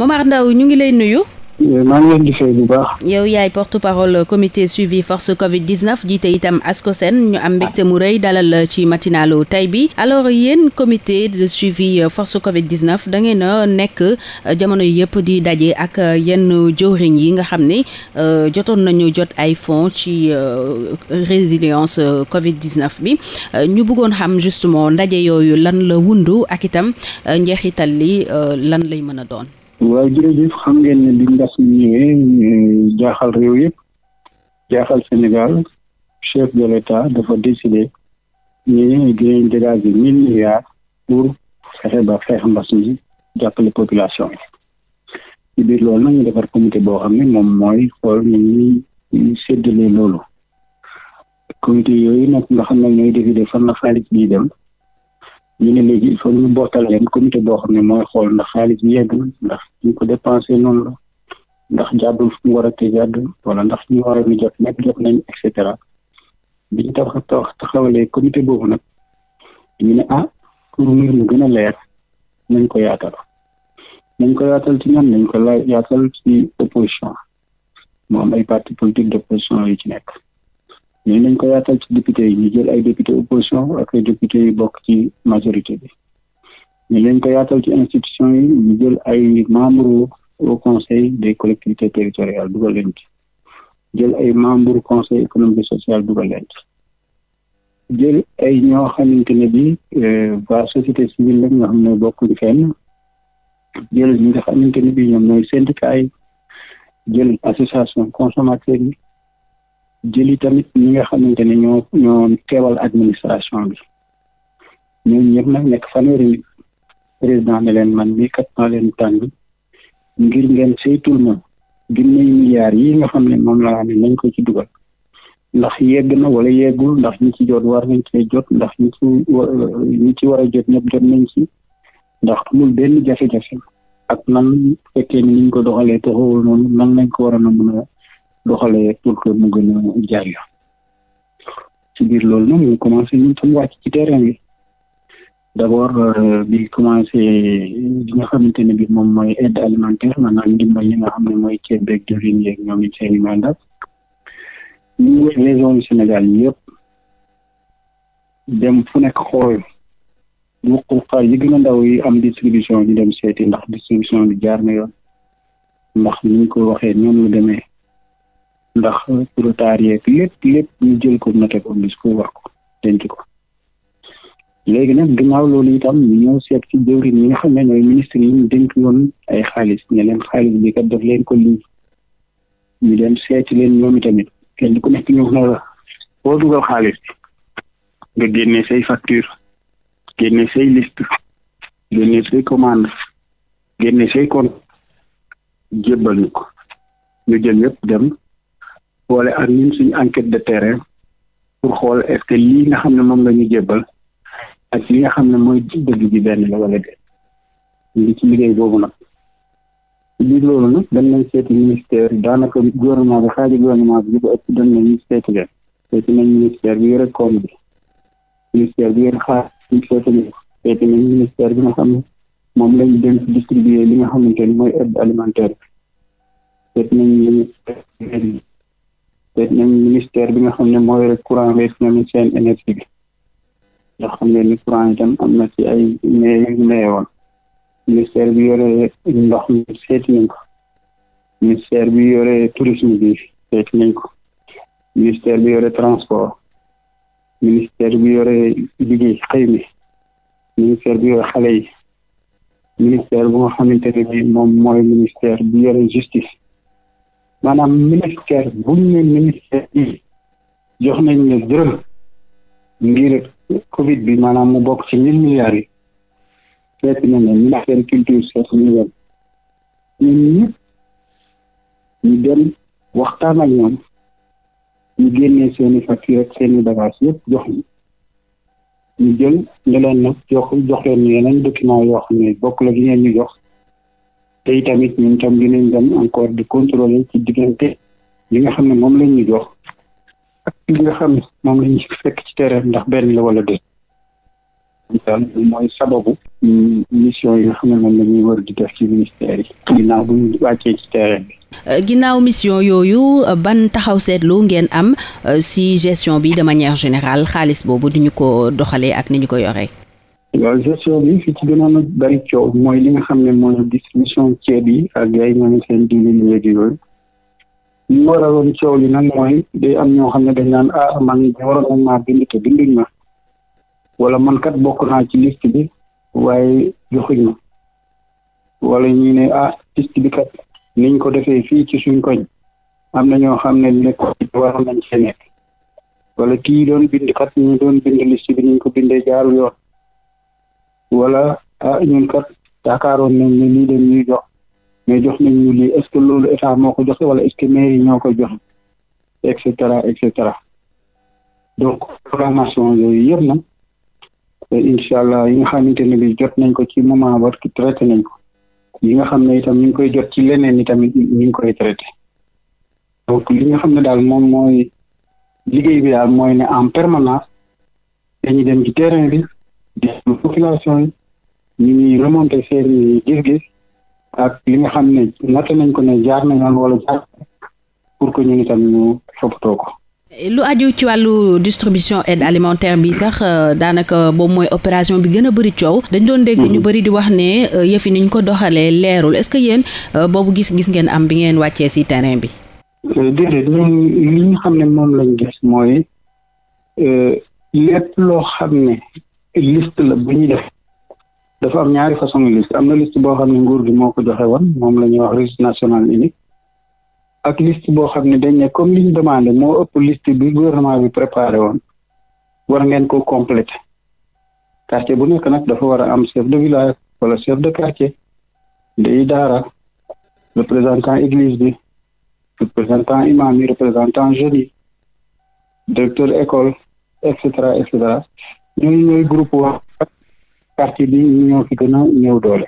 Momar Ndao ñu ngi lay nuyu. yow yaay porte parole comité suivi force Covid 19 jiite itam ASCOSEN ñu am mbégte mu rëy dalal ci matinalu tay bi alors yéen comité de suivi force Covid 19 da ngeen a nekk euh, jamono yëpp di daje ak euh, yenn jëwriñ yi nga xam ne euh, jotoon nañu jot ay fonds ci résilience Covid 19 bi ñu bëggoon xam justement ndaje yooyu lan la wundu ak itam njeexital li lan lay mën a doon. waaw jërëjëf xam ngeen ne bi mbas mi ñëwee jaaxal réew yëpp jaaxal Sénégal chef de l'État dafa décidé ni dinañ dégager mille milliards pour fexe ba xeex mbas mi jàppale population yi ci biir loolu nag ñu defar comité boo xam ne moom mooy xool ni ñuy séddalee loolu comité yooyu nag nga xam ne ñooy décidé fan la xaalis bi dem ñu ne léegi il faut ñu bootal leen comité boo xam ne mooy xool ndax xaalis bi yeggul ndax ñu ko dépensé noonu la ndax jàddul fu mu war a te jàddul wala ndax ñu war ni jot nañ et cetera bi ñu tax taxawalee comité boobu nag ñu ne ah pour ngir mu gën a leer nañ ko yaatal nañ ko yaatal ci ñoom nañ ko yaatal ci opposition mu ay parti politique d'opposition yu ci nekk. mais nañ ko yaatal ci député yi ñu jël ay député opposition ak ay député yu bokk ci majorité bi mais nañ ko yaatal ci institution yi ñu jël ay membres au conseil des collectivités territoriales dugal leen ci jël ay membres conseil économique et social dugal leen ci jël ay ñoo xamante ne bi euh, waa société civile lañ nga xam ne bokkuñ feen jël ñi nga xamante ne bi ñoom ñooy syndicat yi jël association consommateur yi jëli tamit ñi nga xamante ne ñoo ñoo teewal administration bi ñooñu ñëpp nag nekk fanweeri président ne leen man mii kat maa leen tàng ngir ngeen saytul ma ginnaaw milliards yi nga xam ne moom laa ne nañ ko ci dugal ndax yegg na wala yeggul ndax ñi ci jot war nañ cee jot ndax ñi ci ñi ci war a jot ñëpp jot nañ ci ndax amul benn jafe-jafe ak nan fekkee ni ñu ko doxalee taxawul noonu nan lañ ko war a mën a doxalee pour que mu gën a jaar yoon ci biir loolu nag ñu commencé ñun tam wàcc ci terrain bi d' abord euh, bi commencé li nga xamante ne bi moom mooy aide alimentaire maanaam ndimbal yi nga xam ne mooy ceeb beeg diwlin yeeg ñoom it seen i mandat ñu wër les zones yëpp dem fu nekk xool wuquxaay yi gën ndaw yi am distribution ñu dem seeti ndax distribution bi jaar na yoon ndax ni ñu ko waxee ñoom la demee ndax retard yeeg lépp lépp ñu jël ko noté ko gis ko ko denc ko léegi nag ginnaaw loolu itam ñu ñëw seet ci jëwriñ mi nga xam ne ñooy ministre yi ñu dénk woon ay xaalis ne leen xaalis bi leen ko lii ñu dem seeti leen ñoom itamit kenn ko nekk ñëw na la boo dugal xaalis nga génne say facture génne say liste génne say commande génne say compte jébbal ñu ko ñu jël yëpp dem boole ak ñun suñu enquête de terrain pour xool est-ce que lii nga xam ne moom lañuy ñu jébbal ak li nga xam ne mooy dëgg bi benn la wala boobu nag biir loolu nag dañ nañ seeti ministère daanaka gouvernement bi xaaji gouvernement bi bu ëpp dañ nañu seeti leen seeti nañ ministère bi yore koom bi ministère bi yore xaar seeti bi nga xam ne moom lañ dem distribuer li nga xamante ni mooy aide alimentaire bi nañ ministère te nañ ministère bi nga xam ne mooy rek courant bi nañ seen énergie bi nga xam ne ni courant itam am na ci ay mais yu mayewoon ministère bi yore ndox mi seeti nañ ko ministère bi yore tourisme bi seeti nañ ko ministère bi yore transport ministère bi yore liggéey xëy mi ministère bi yore xale yi ministère bu xamante ne bi moom mooy ministère bi yore justice maanaam ministère buñ ne jox nañ ne dërëm ngir covid bi maanaam mu bokk ci mille milliards yi fekk na ne ministère culture seet ñu woon dem waxtaan ak ñoom ñu génne seeni facture rek seeni bagage yëpp jox ñu ñu jël ne leen nag jox jox leen yeneen document yoo xam ne bokk la gi ngeen ñu jox te tamit ñun tam dinañ dem encore di contrôler ci diggante li nga xam ne moom lañ ñu jox ak li nga xam ne moom lañ fekk ci terrain ndax benn la wala déet daal mooy sababu mission yi nga xam moom la war di def ci ministère ginnaaw bu ñu wàccee ci terrain bi euh, ginnaaw mission yooyu euh, ban taxaw seetlu ngeen am euh, si gestion bi de manière générale xaalis boobu di ñu ko doxalee ak ni ñu ko yoree waaw gestion bi fi ci gënoon a bari coow mooy li nga xam ne mooy distribution ceeb yi ak yaay ñooñu seen diwlin yeeg yooyu li waraloon coow li nag mooy day am ñoo xam ne dañ naan ah man waroon nañ maa bind wala man kat bokk naa ci liste bi waaye joxuñ ma wala ñu ne ah liste bi kat niñ ko defee fii ci suñ koñ am na ñoo xam ne nekkoon waroon nañ see nekk wala kii doon bind kat ñu doon bind liste bi niñ ko bindee jaarul yoon. wala ah ñun kat yaakaaroon nañ ne lii dañ ñuy jox mais ce que loolu état moo ko joxe wala est-ce que maire yi ñoo ko joxe et cetera et cetera donc programmation yooyu yëpp nag incha allah yi nga xamante ne bi jot nañ ko ci moment ba traité nañ ko yi nga xam ne itam ñu ngi koy jot ci leneen itamit ñu ngi koy traité donc li nga xam ne daal moom mooy liggéey bi daal mooy ne en permanence dañuy dem ci terrain bi. déglu population yi ñu ñuy remonter seen gis-gis ak li nga xam ne natt nañ ko ne jaar na yoon wala jaar pour que ñu ngi tam ñu toppatoo ko. lu aju ci wàllu distribution aide alimentaire bi sax euh, daanaka boobu mooy opération bi gën a bëri coow. dañ doon dégg ñu mm-hmm. bëri di wax ne euh, yëfi niñ ko doxalee leerul est-ce que yéen euh, boobu gis-gis ngeen am bi ngeen wàccee ci terrain bi. déedéet xam ne moom lañu gis mooy lépp loo xam ne liste la bu ñuy def dafa am ñaari façon list am na liste boo xam ne nguur gi moo ko joxe woon moom la ñuy wax registre national unique ak liste boo xam ne dañ ne comme liñ demande moo ëpp list bi gouvernement bi préparé woon war ngeen ko complété quartier bu nekk nag dafa war a am chef de village wala chef de quartier day daara représentant église bi représentant imam yi représentant jeunes yi directeur école et cetera et cetera ñooñu ñooy groupe wax parti bi ñoo fi gën a ñëw doole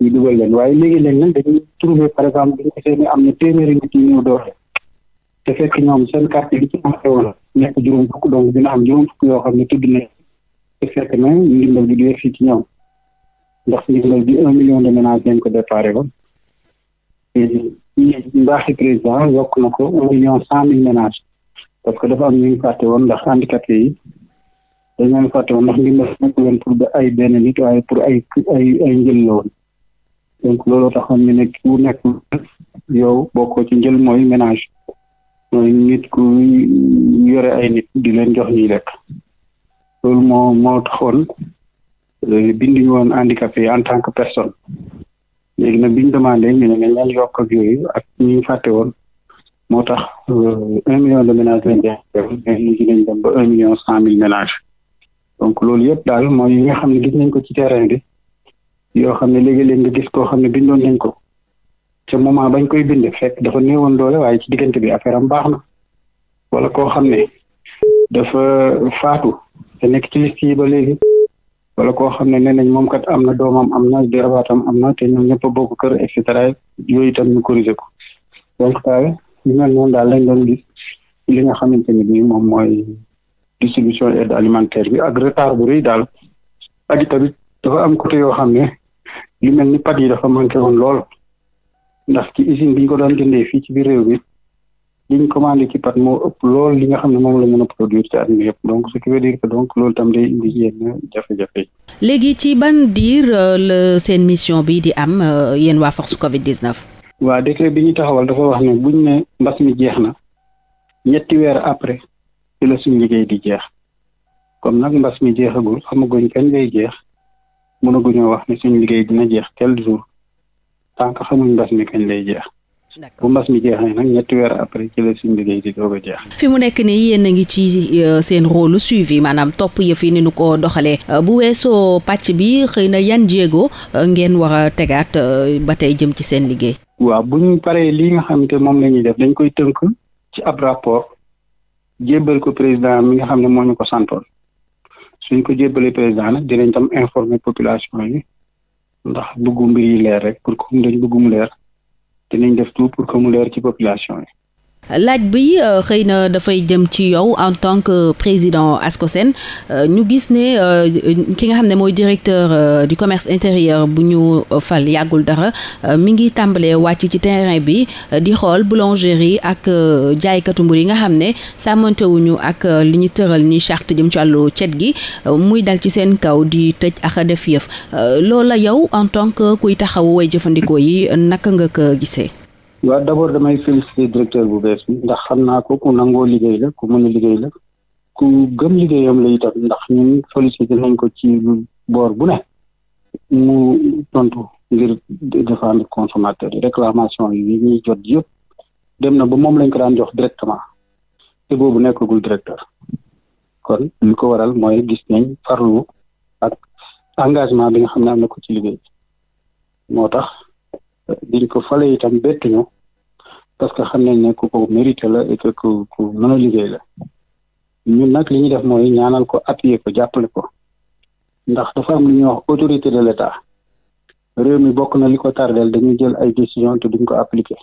ñu dugal leen waaye léegi-léeg nag dañuy trouver par exemple dañu gisee ni am na téeméeri nit ñu ñëw doole te fekk ñoom seen carte bi ci manqué woon nekk juróom fukk donc dina am juróom fukk yoo xam ne tudd nañ te fekk na ndimbal bi du yegg fii ci ñoom million de ménages lañ ko déparé ba mbaaxi président yokk na ko un million cent mille ménages parce que dafa am ñu ngi woon ndax handicapé yi dañoo fàtte woon ndax ndimbal nekkul woon pour ay benn nit waaye pour ay ay ay njël la woon donc looloo taxoon ñu ku nekk yow bokkoo ci njël mooy ménage mooy nit ku yore ay nit di leen jox ñuy lekk loolu moo moo taxoon euh, binduñu woon handicapé en tant que personne léegi nag biñ demandé ñu ne nañ leen yokk ak yooyu ak ñi ñu fàtte woon moo tax euh, un million de ménages lañ def mais mujj nañ dem ba un million cent mille ménages donc loolu yëpp daal mooy yi nga xam ne gis nañ ko ci terrain bi yoo xam ne léegi-léeg nga gis koo xam ne bindoon nañ ko moment bañ koy bind fekk dafa néewoon doole waaye ci diggante bi affaire am baax na wala koo xam ne dafa faatu te nekk ci liste yi ba léegi wala koo xam ne nee nañ moom kat am na doomam am na jarabaatam am na te ñoom ñëpp a bokk kër et cetera yooyu itam ñu corriger ko donc daal ñu lañ doon li nga xamante ni bii moom mooy. distribution aide alimentaire bi ak retard bu rëy daal ak tamit dafa am côté yoo xam ne lu mel ni pat yi dafa manqué woon lool ndax ci usine bi ko daan jëndee fii ci biir réew bi liñ commandé ci moo ëpp lool li nga xam ne moom la mën a produire ci at mi yëpp donc ce loolu tam day indi yenn jafe-jafe. léegi ci ban diir euh, la seen mission bi di am euh, yéen waa force Covid 19. waa décret bi ñu taxawal dafa wax ne buñ ne mbas mi jeex na ñetti weer après. ci la suñ liggéey di jeex comme nag mbas mi jeexagul xamaguñ kañ lay jeex mënaguñoo wax ni suñ liggéey dina jeex quel jour tant que xamuñ mbas mi kañ lay jeex. bu mbas mi jeexee nag ñetti weer après ci la suñ liggéey di doog jeex. fi mu nekk nii yéen a ngi ci euh, seen rôle suivi maanaam topp yëf yi ni nu ko doxalee euh, bu weesoo pàcc bi xëy na yan jéego euh, ngeen war a tegaat ba tey jëm ci seen liggéey. waaw bu ñu li nga xam te moom la ñuy dañ koy tënk ci ab rapport jébbal ko président mi nga xam ne moo ñu ko santoon suñ ko jébbalee président nag dinañ tam informer population yi ndax bëggu mbir yi leer rek pour que dañ bëggu mu leer dinañ def tout pour ko mu leer ci population yi laaj bi euh, xëy na dafay jëm ci yow en tant que président ASCOSEN euh, ñu gis ne euh, ki nga xam ne mooy directeur du commerce intérieur bu ñu fal yàggul dara mi ngi tàmbalee wàcc ci terrain bi di xool boulangerie ak jaaykatu mburu yi nga xam ne sàmmantewuñu ak li ñu tëral ni charte jëm ci wàllu cet gi muy dal ci seen kaw di tëj ak def yëf loola yow en tant que kuy taxawu way jëfandikoo yi naka nga ko gisee waa d'abord damay féliciter directeur bu bees bi ndax xam naa ko ku nangoo liggéey la ku mën liggéey la ku gëm liggéeyam la itam ndax ñu féliciter nañ ko ci boor bu ne mu tontu ngir défendre consommateur yi réclamation yi ñuy jot yëpp dem na ba moom lañ ko daan jox directement te boobu nekkagul directeur kon li ko waral mooy gis nañ farlu ak engagement bi nga xam ne am na ko ci liggéey moo tax biñ ko falee itam bettuñu parce que xam nañ ne ku ko mérité la et que ku ku mën liggéey la ñun nag li ñuy def mooy ñaanal ko appuyer ko jàppale ko ndax dafa am lu ñuy wax autorité de l'État réew mi bokk na li ko tardeel dañuy jël ay décision te duñ ko appliquer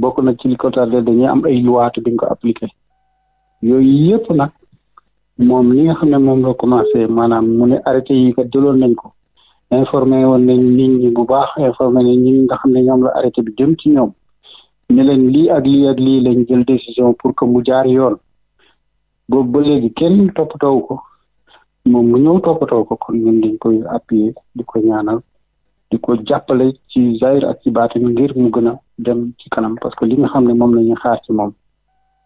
bokk na ci li ko tardeel dañuy am ay loi te duñ ko appliquer yooyu yëpp nag moom li nga xam ne moom la commencé maanaam mu ne arrêté yi kat jëloon nañ ko informé woon nañ nit ñi bu baax informé nañ ñi nga xam ne ñoom la arrêté bi jëm ci ñoom ne leen lii ak lii ak lii lañ jël décision pour que mu jaar yoon boobu ba léegi kenn toppatoo ko moom mu ñëw toppatoo ko kon ñun dañ koy appuyer di ko ñaanal di ko jàppale ci zaahir ak ci baatin ngir mu gën a dem ci kanam parce que li nga xam ne moom la ñuy xaar ci moom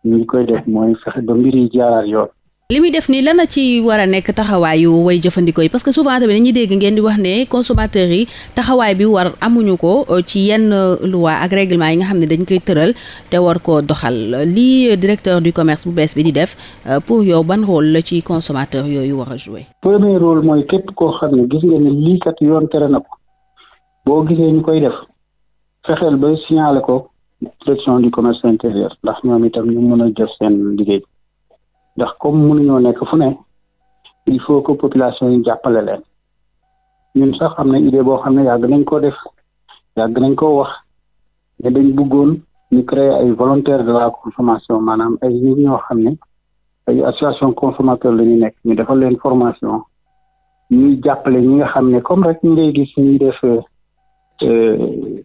ñu ngi koy def mooy fexe da mbir yi jaaraat yoon. li muy def nii lan la ci war a nekk taxawaayu way jëfandikoo yi parce que souvent tamit dañuy dégg ngeen di wax ne consommateurs yi taxawaay bi war amuñu ko euh, ci yenn euh, loi ak règlement yi nga xam ne dañ koy tëral te war koo doxal lii euh, directeur du commerce bu bees bi di def pour yow ban rôle la ci consommateur yooyu war a jouer. premier rôle mooy képp koo xam ne gis nga ne lii yoon tere na ko boo gisee ñu koy def fexeel ba signaler ko direction du commerce intérieur ndax ñoom itam ñu mën a jëf seen liggéey. ndax comme mënuñoo nekk fu ne il faut que population yi jàppale leen ñun sax am na idée boo xam ne yàgg nañ koo def yàgg nañ koo wax ne dañ bëggoon ñu créer ay volontaires de la consommation maanaam ay nit ñoo xam ne ay association consommateur la ñu nekk ñu defal leen formation ñuy jàppale ñi nga xam ne comme rek ñu ngay gis ñuy def euh,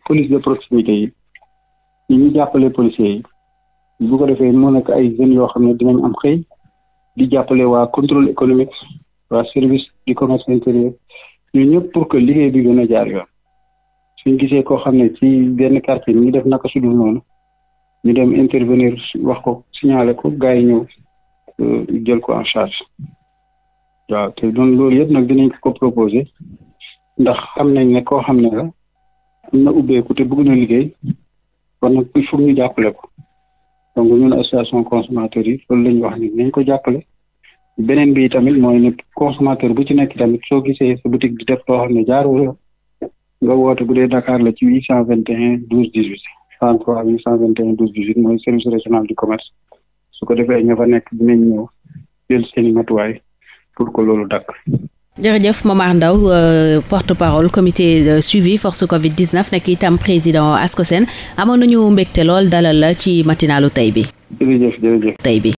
police de proximité yi ñu jàppale policiers yi bu ko defee nekk ay jeunes yoo xam ne dinañ am xëy di jàppale waa contrôle économique waa service du commerce intérieur ñu ñëpp pour que liggéey bi gën a jaar yoon suñ gisee koo xam ne ci benn quartier ñu def naka sudul noonu ñu dem intervenir wax ko signaler ko gars yi ñëw euh, jël ko en charge waaw te doon loolu yëpp nag dinañ ko proposer ndax xam nañ ne koo xam ne la am na ubbeeku te bëgg na liggéey kon nag il ñu jàppale ko donc ñun association consommateur yi loolu la ñu wax ni nañ ko jàppale beneen bi tamit mooy ne consommateur bu ci nekk tamit soo gisee sa boutique di def loo xam ne jaarul nga woote bu dee Dakar la ci huit cent vingt et un douze dix huit cent trois huit cent vingt un douze dix huit mooy service régional du commerce su ko defee ña fa nekk dinañ ñëw jël seeni matuwaay pour que loolu dakk jërëjëf Momar Ndao euh, porte-parole comité de suivi force Covid 19 nekk itam président ASCOSEN amoon nañu mbégte lool dalal la ci matinalu tey bi. jërëjëf tey bi.